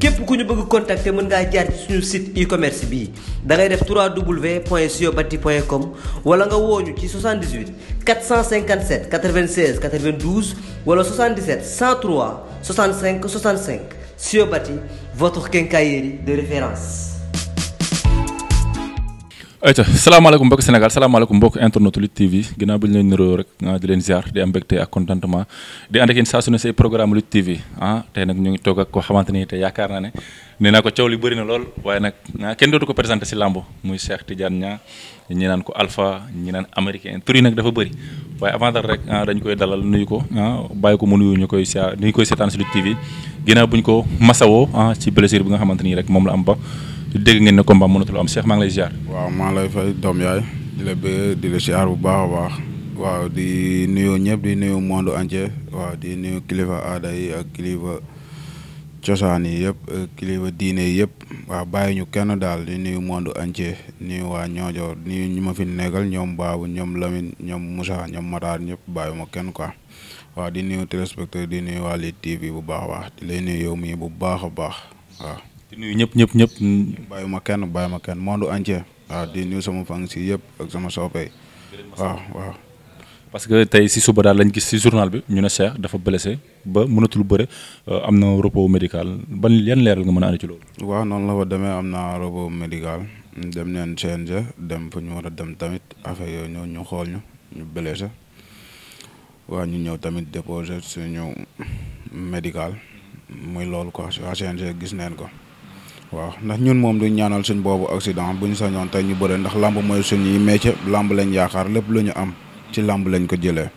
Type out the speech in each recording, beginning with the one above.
képp ku ñu bëgg contacter mën ngaa jaar ci suñu site e-commerce bi da ngay def 3w point siobati point com wala nga wooñu ci 78 457 96 92 wala 77 103 65 65 siobati votre quincaillerie de référence ayca salaamaaleykum mbokk Sénégal mbokk internet Lutte TV ginnaaw bi ñu leen niroo rek ah, di leen ziar di am mbégte ak contentement di ànd ak yéen saa programme Lutte TV ah tey ñu ngi toog ak koo xamante ni te yaakaar naa ne nee naa ko coow li bëri na lool waaye nag ah, kenn dootu ko présenté si lambo muy Cheikh Tidiane Niang ñi naan ko Alpha ñi naan américain tur yi nag dafa bari waaye avant dara rek ah, dañ koy dalal nuyu ko bàyyi ko mu nuyu ñu koy saa ñu koy seetaan si Lutte TV ginnaaw bu ñu ko masawoo ci blessure bi nga xamante ni rek moom la am ba. dégg ngeen ne combat mënatul am Cheikh maa ngi lay ziar. waaw maa lay fay doom yaay di la bëgg di la ziar bu baax a baax. waaw di nuyoo ñëpp di nuyu monde entier waaw di nuyu kilifa aada ak kilifa cosaan yi yëpp euh, kilifa diine yi yëpp waaw bàyyi ñu kenn daal di nuyu monde entier nuyu waa ñoojoor nuyu ñu ma fi nekkal ñoom Babou ñoom Lamine ñoom Moussa ñoom Matar ñëpp bàyyi ma kenn quoi waaw di nuyu téléspectateur di nuyu waa Lutte TV bu baax a baax di lay nuyu yow mii bu baax a baax waaw. di nuyu ñëpp ñëpp ñëpp. bàyyi ma kenn bàyyi ma moo monde entier. waaw di nuyu sama fang si yëpp ak sama soppee. waaw waaw. parce que tey si suba daal lañ gis si journal bi ñu ne Cheikh dafa blessé ba mënatul bëre euh, am na repos médical ba yan leeral nga mën a andi ci loolu. waaw noonu demee am na médical dem neen CNG dem fu ñu war a dem tamit affaire yooyu ñëw ñu xool ñu ñu blessé waaw ñu ñëw tamit déposé suñu médical muy loolu quoi waa CNG gis neen ko. waaw ndax ñun moom duñ ñaanal suñ boobu accident buñ sañoon tey ñu bëre ndax làmb mooy suñuy métier làmb lañ yaakaar lépp lu ñu am ci làmb lañ ko jëlee.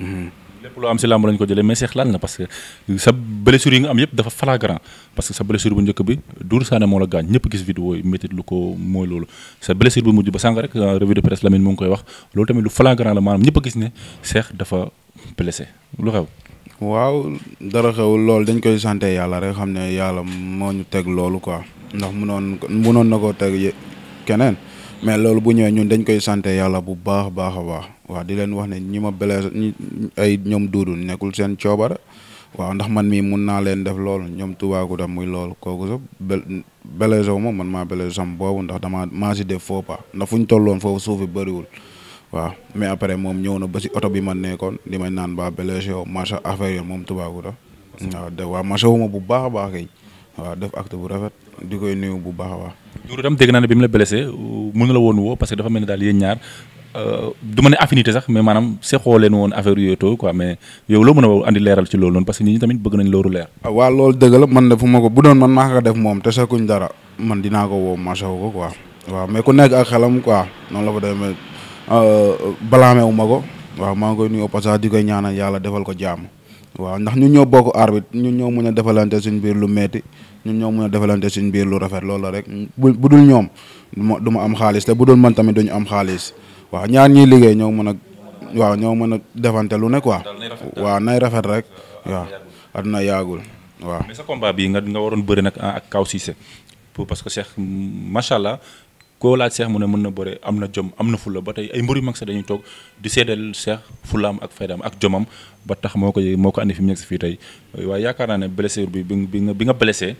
Mhm. lépp loo am si làmb lañ ko jëlee mais seex lan la parce que sa blessure yi nga am yëpp dafa flagrant parce que sa blessure bu njëkk bi Dour Sané moo la gaañ ñëpp gis vidéo yi métit lu ko mooy loolu sa blessure bu mujj ba sànq rek revue de presse Lamine mu ngi koy wax loolu tamit lu flagrant la maanaam ñëpp a gis ne seex dafa blessé lu xew. waaw dara xewul loolu dañ koy sante yàlla rek xam ne yàlla moo ñu teg loolu quoi ndax munoon munoon na ko teg keneen mais loolu bu ñëwee ñun dañ koy sante yàlla bu baax baax a baax waaw di leen wax ne ñi ma blessé ay ñoom duudu nekkul seen coobara waaw ndax man mii mun naa leen def loolu ñoom Toubacouta muy loolu kooku sax blessé wu ma man maa blessé sam boobu ndax dama maa si def ndax fu ñu tolloon foofu suuf bi bëriwul waaw mais après moom ñëw na ba si oto bi ma nekkoon di may naan ba blessé yow marché affaire yoon moom Toubacouta waaw de waaw bu baax a baax kay waaw def acte bu rafet di koy nuyu bu baax a baax. Doudou tam dégg la blessé euh, mënu la woon woo parce daal yéen ñaar euh, du ma woon affaire yooyu too quoi mais loo mën a andi leeral ci loolu noonu parce que nit ñi tamit bëgg ah, la man defu ma ko bu doon man maa def moom te sekuñ dara man dinaa ko woo marché wu ko quoi. mais ku nekk ak xelam quoi noonu la ko demee. Euh, balaame wu ma ko waa maa ngi koy nuyu au passage di koy ñaanal yàlla defal ko jàmm waaw ndax ñun ñoo bokk arbitre ñu ñëw mun a defalante suñ biir lu metti ñu ñoo mun a defalante suñ biir lu rafet loolu rek bu dul ñoom du ma am xaalis te bu dul man tamit duñu am xaalis waaw ñaar ñiy liggéey ñoo mën a waaw ñoo mën a defante lu ne quoi waaw nay rafet rek waaw aduna yaagul waaw mais sa combat bi koo laaj seex mu ne mën na bëre am na jom am na fulla ba tey ay mbër yu mag sax ñu toog di seedeel seex fullaam ak faydaam ak jomam ba tax moo ko moo ko andi fi si fii tey waaye yaakaar naa ne blessure bi bi nga bi nga blessé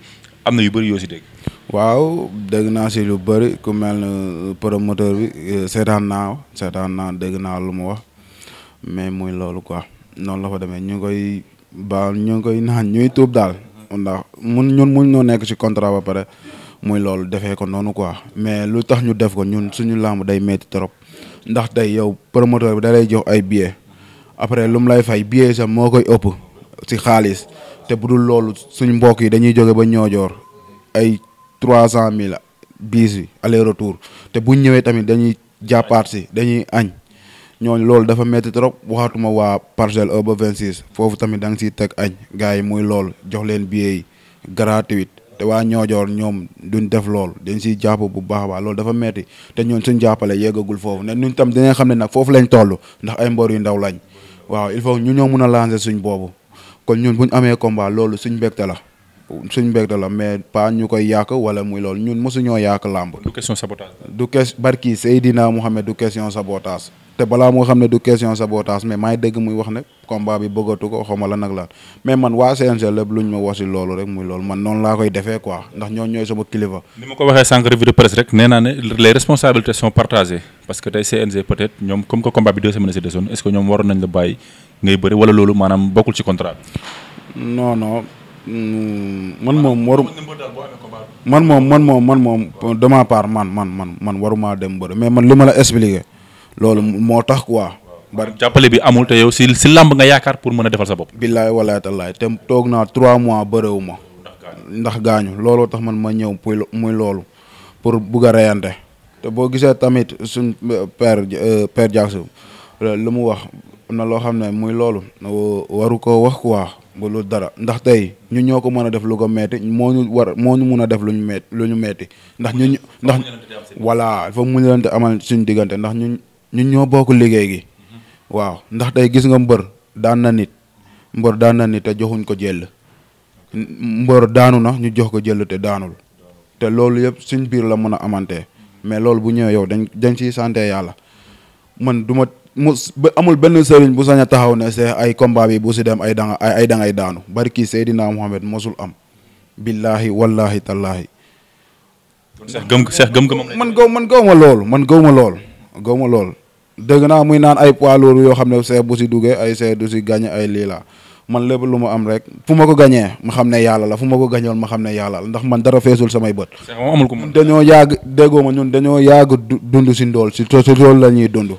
am na yu bëri si dégg. waaw dégg naa si lu bëri ku mel ne promoteur bi eh, seetaan naa seetaan naa dégg naa lu mu wax mais muy loolu quoi noonu la fa demee ñu ngi koy baal ñu ngi koy naan ñuy tuub daal. ndax mun ñun mun ñoo nekk si contrat ba pare. muy loolu defee ko noonu quoi mais lu tax ñu def ko ñun suñu làmb day metti trop ndax tey yow promoteur bi da lay jox ay billets après lu mu lay fay billet sax moo koy ëpp si xaalis te bu dul loolu suñu mbokk yi dañuy joge ba ñoojoor ay trois cent mille biis bi aller retour te buñ ñëwee tamit dañuy jàppaat si dañuy añ ñooñu loolu dafa metti trop waxatuma waa parcelle 1 ba 26 foofu tamit da nga siy teg añ gars yi muy loolu jox leen billet yi gratuit te waa ñoojoor ñoom duñ def lool dañ siy jàpp bu baax a baax loolu dafa metti te ñun suñ jàppale yeggagul foofu ne ñun tam dinañ xam ne nag foofu lañ toll ndax ay mbor yu ndaw lañ waaw il faut ñu ñoo mun a lancer suñ boobu kon ñun bu ñu amee combat loolu suñ mbégte la suñ mbégte la mais pas ñu koy yàq wala muy loolu ñun mosuñoo yàq làmb. du question sabotage. du question barki Seydina Mohamed du question sabotage. te balaa moo xam ne du question sabotage mais maay dégg muy wax ne combat bi bëggatu ko xawma la nag la mais man waa CNG lépp luñ ma wasi loolu rek muy loolu man noonu laa koy defee quoi ndax ñoo ñooy sama kilifa. ni ma ko waxee sànq revue de presse rek nee naa ne les responsabilités sont partagées parce que tey CNG peut-être ñoom comme que combat bi deux semaines si desoon est-ce que ñoom waroon nañ la bàyyi ngay bëri wala loolu maanaam bokkul ci contrat mm, man moom man moom man man man man man man warumaa dem bëri mais man li ma la expliquer. loolu moo tax quoi. bari jàppale bi amul te yow si si làmb nga yaakaar pour mën a defal sa bopp. billaay walaay tallaay te toog naa trois mois bëreewu ma. ndax gaañu looloo tax man ma ñëw muy muy loolu pour bugg te boo gisee tamit suñ euh, père euh, père Diakhoum lu mu wax na loo xam ne muy loolu waru ko wax quoi ba lu dara ndax tey ñu ñoo ko mën a def lu ko metti moo ñu war moo ñu mun a def lu ñu metti lu ñu metti ndax ñu ndax. voilà dafa muñ amal suñu diggante ndax ñun. ñun ñoo bokk liggéey gi mm-hmm. waaw ndax tey gis nga mbër daan na nit mbër daan na nit te joxuñ ko jël mbër daanu na ñu jox ko jël te daanul te loolu yëpp suñ biir la mën a amante mais lool bu ñëwee yow dañ dañ ciy santé yàlla man du ma mu amul benn sëriñ bu sañ a taxaw ne see ay combat bi bu si dem ay danga ay dangay daanu bari barki Seydina Mohamed mosul am billaahi wallahi tallaahi. kon sax gëm sax gëm man gaw man gaw ma loolu man gaw ma loolu. gaw ma lool dégg naa muy naan ay poids yoo xam ne seet bu si duggee ay seet du si gagné ay lii man lépp lu ma am rek fu ma ko gañee ma xam ne yàlla la fu ma ko gañoon ma xam ne yàlla la ndax man dara feesul samay bët. amul ko dañoo yàgg déggoo ma ñun dañoo yàgg dund si ndool si si loolu la ñuy dund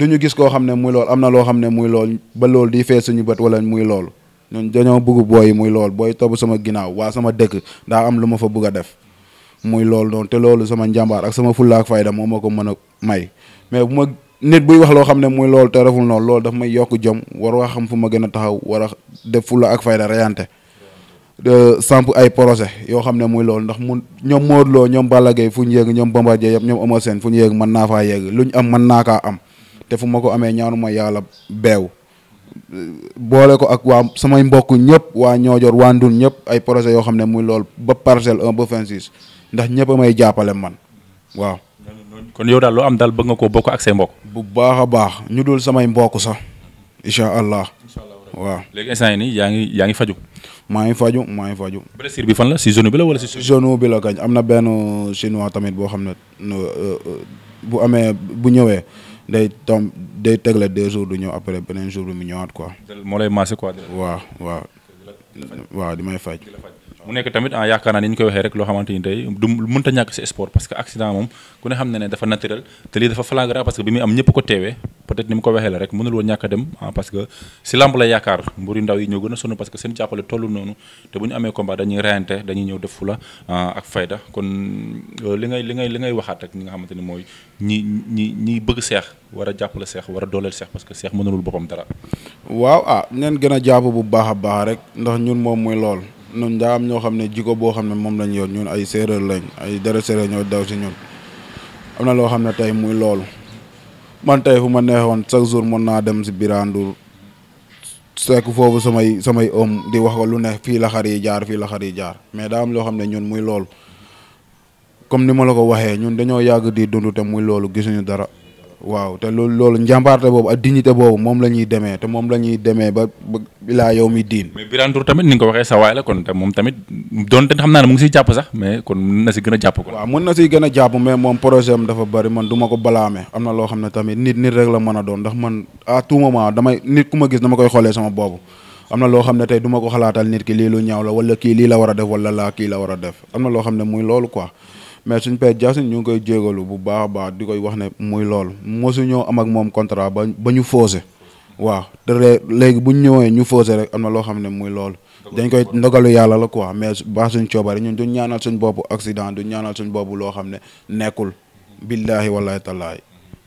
ñu gis koo xam ne muy lool am na loo xam ne muy lool ba loolu di fees suñu bët wala muy loolu ñun dañoo bëgg booy muy lool booy tob sama ginnaaw waa sama dëkk daa am lu ma fa bëgg a def muy loolu noonu loolu sama njàmbaar ak sama fulla ak fayda moo ko mën a may mais bu ma nit buy wax loo xam ne muy loolu te reful lool loolu daf may yokk jom war waa xam fu ma gën a taxaw war a def fulla ak fayda reyante samp ay projet yoo xam ne muy loolu ndax mun ñoom Modou Lo ñoom Balla fu ñu yéeg ñoom Bombardier yëpp ñoom Eumeu seen fu ñu yéeg mën naa faa yéeg lu am man naa kaa am te fu ma ko amee ñaanu ma yàlla beew boole ko ak waa samay mbokk ñëpp waa ñoojoor waa ndun ñëpp ay projet yoo xam ne muy lool ba parcelle 1 ndax ñëpp may jàppale man waaw kon yow daal loo am daal bëgg nga koo bokk ak say mbokk. bu baax a baax ñu dul samay mbokk sax incha allah. waaw léegi instant yi nii yaa ngi yaa ngi faju maa ngi faju maa faju blessure bi fan la si genou bi la wala si. genou bi la kañ am na benn chinois tamit boo xam ne euh, euh, bu amee bu ñëwee day tom day tegle deux jours du ñëw après beneen jour bi mu ñëwaat quoi. moo lay maase quoi. waaw may faj. mu nekk tamit en ah, yaakaar naa ni ñu koy waxee rek loo xamante ni tey du mënta ñàkk si sport parce que accident moom ku ne xam ne ne dafa naturel te lii dafa flagrant parce que bi mënul a dem ah, parce que ñoo a sonn parce que seen jàppale tollu te bu ñu amee combat dañuy reyante dañuy ah, euh, li ngay li ngay li ngay waxaat rek ñi nga xamante ni mooy ñi ñi ñi bëgg seex war a jàppale seex war a dooleel seex parce que seex mënalul boppam dara waaw a neen gën a jàpp bu baax a baax rek ndax ñun moom mooy lool ñun daa am ñoo xam ne jiko boo xam ne moom lañ yoon ñun ay séeréer lañ ay dara séeréer ñoo daw si ñun am na loo xam ne tey muy loolu man tey fu ma neexoon chaque jour mën naa dem si Birane sekk foofu samay samay om di wax ko lu ne fii la xar yi jaar fii la xar yi jaar mais daa am loo xam ne ñun muy loolu comme ni ma la ko waxee ñun dañoo yàgg di dund te muy loolu gisuñu dara waaw te loolu loolu njàmbaarte boobu ak dignité boobu moom la ñuy demee te moom la ñuy demee ba ba laa yow mi diin. mais tamit ni nga ko waxee sa waay la kon te moom tamit donte xam naa ne mu ngi siy jàpp sax mais kon na si gën a jàpp ko. waaw na si gën a jàpp mais moom projet dafa bëri man du ko balaame am na loo xam ne tamit nit nit rek la mën a doon ndax man à tout moment damay nit ku ma gis dama koy xoolee sama boobu. am na loo xam ne tey du ma ko xalaatal nit ki lii lu ñaaw la wala kii lii la war a def wala laa kii la war a def am na loo xam ne muy loolu quoi mais suñ père Jackson ñu ngi koy jégalu bu baax baax di koy wax ne muy loolu mosu ñoo am ak moom contrat ba ba ñu fausé waaw te léegi bu ñu ñëwee ñu fausé rek am na loo xam ne muy loolu. dañ koy ndogalu yàlla la quoi mais baax suñ coobare ñun duñ ñaanal suñ bopp accident duñ ñaanal suñ bopp loo xam ne nekkul. billaahi wallaahi tallaahi.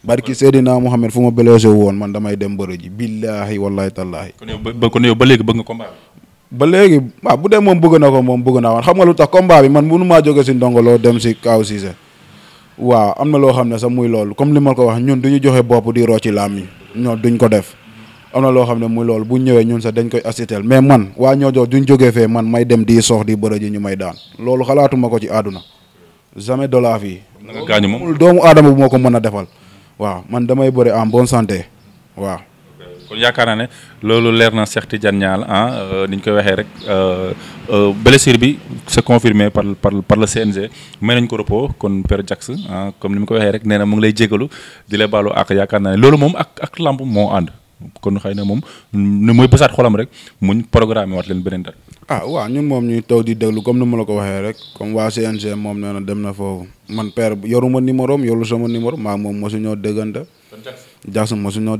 barki Seydina Mohamed fu ma blessé woon man damay dem bërë ji billaahi wallaahi tallaahi. kon yow ba kon yow ba léegi bëgg nga combat ba léegi waaw bu dee moom bëgg na ko moom bëgg naa woon xam nga lu tax combat bi man mënu maa jóge si ndongoloo dem si Kaw Cissé waa am na loo xam ne sax muy loolu comme li ma ko wax ñun du ñu joxe bopp di rocci làmmiñ ñoo duñ ko def am na loo xam ne muy loolu bu ñëwee ñun sax dañ koy assiteel mais man waa ñoo jox duñ jógee fee man may dem di soox di bërë ji ñu may daan loolu xalaatuma ko ci àdduna jamais de la vie doomu aadama bu moo ko mën a defal waaw man damay bëri en bonne santé waaw kon yaakaar naa ne loolu leer na Cheikh Tidiane Niang ah euh, ni ñu koy waxee rek euh, euh, blessure bi c'est confirmé par par par le CNG may nañ ko repos kon Père Diaks ah comme ni mu ko waxee rek nee na mu ngi lay jégalu di lay baalu ak yaakaar naa loolu moom ak ak moo ànd kon xëy na moom ni mooy bësaat xolam rek muñ programme waat leen beneen dal ah waaw ñun moom ñuy taw di déglu comme ni ma la ko waxee rek comme waa CNG moom nee na dem na foofu man Père yoruma numéro am yorul sama numéro maa moom mosu ñoo déggante. kon Diaks Diaks mosu ñoo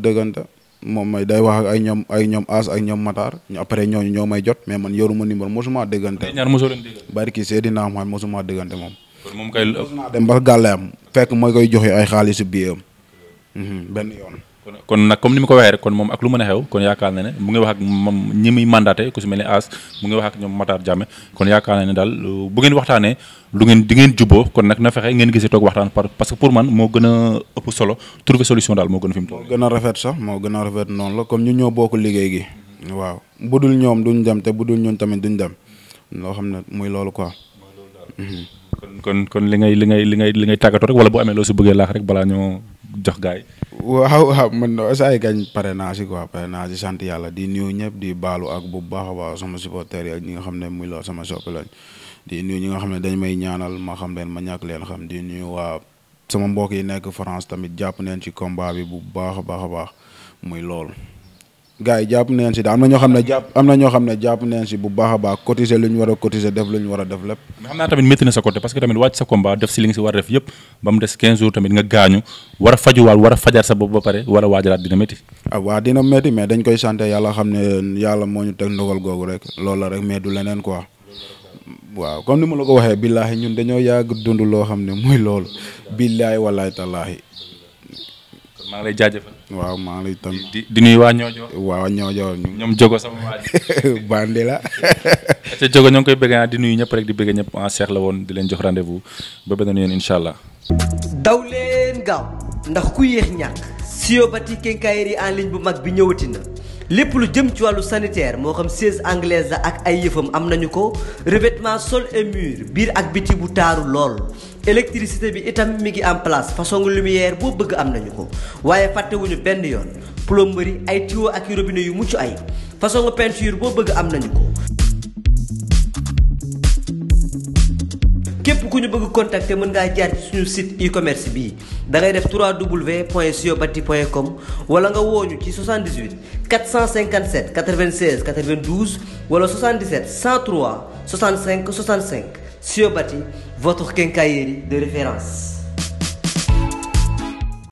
moom may day wax ay ñoom ay ñoom As ak ñoom Matar ñu après ñooñu ñoo may jot mais man yoruma numéro mosuma déggante. ñaar mosoo leen déggante. barki Seydina Muhammad mosuma déggante moom. kon moom kay. mosuma dem ba gàllayam fekk ma koy joxe ay xaalisu biyeem mhm, benn yoon. kon nag comme ni mu ko waxee rek kon moom ak lu mën a xew kon yaakaar na mu ngi wax ak moom ñi muy ne As mu ngi wax ñoom Matar Jammeh kon yaakaar na daal bu ngeen waxtaanee di ngeen jubboo kon nag na fexe ngeen gisee toog waxtaan parce que pour man moo gën a ëpp solo trouver solution daal moo gën a fi mu moo gën a rafet sax moo gën a rafet noonu la comme ñu ñoo bokk liggéey gi. waaw budul ñoom duñ dem te budul ñun tamit jox gaay waaw waaw man saa yi gañ pare naa si quoi pare naa si sant yàlla di nuyu ñëpp di baalu ak bu baax a baax sama supporters yi ak ñi nga xam ne muy la sama soppi lañ di nuyu ñi nga xam ne dañ may ñaanal ma xam leen ma ñàkk leen xam di nuyu waa sama mbokk yi nekk France tamit jàpp neen ci combat bi bu baax a baax a baax muy lool gars yi jàpp neen si da am na ñoo xam ne jàpp am na ñoo xam ne jàpp neen si bu war a cotiser def war a na sa côté parce que tamit wàcc sa fajar sa ba pare war a waajalaat dina métti ah, waa dina métti mais dañ koy sant yàlla xam ne yàlla moo ñu teg ndogal googu rek loolu rek mais du leneen quoi waaw comme ni ma ko waxee billaahi ñun dañoo yàgg dund loo xam ne muy loolu billaahi walaahi talaahi maa waaw maa ngi lay tam di di nuyu waa Ñoojoor. waaw Ñoojoor ñoom Jogo sama waa ji. bandi la. ñoo ngi koy bëgg di nuyu ñëpp rek di bëgg ñëpp en Cheikh ah, la woon di leen jox rendez-vous ba beneen yoon incha allah. daw leen gaaw ndax ku yéex ñàkk. siyobati kenkaayeri en ligne bu mag bi ñëwati na. lépp lu jëm ci wàllu sanitaire moo xam siège anglaise la ak ay yëfam am nañu ko revêtement sol et biir ak biti bu taaru lool. électricité bi itam mi ngi en place façon lumière boo bëgg am nañu ko waaye fàttewuñu benn yoon plomberie ay tuyaux ak robine yu mucc ay façon peinture boo bëgg am nañu ko. képp ku ñu bëgg contacter mën ngaa jaar ci suñu site e-commerce bii da ngay def comme wala nga woo ñu ci 78 457 96 92 wala 77 103 65 65 Siobati. votre quincaillerie de référence.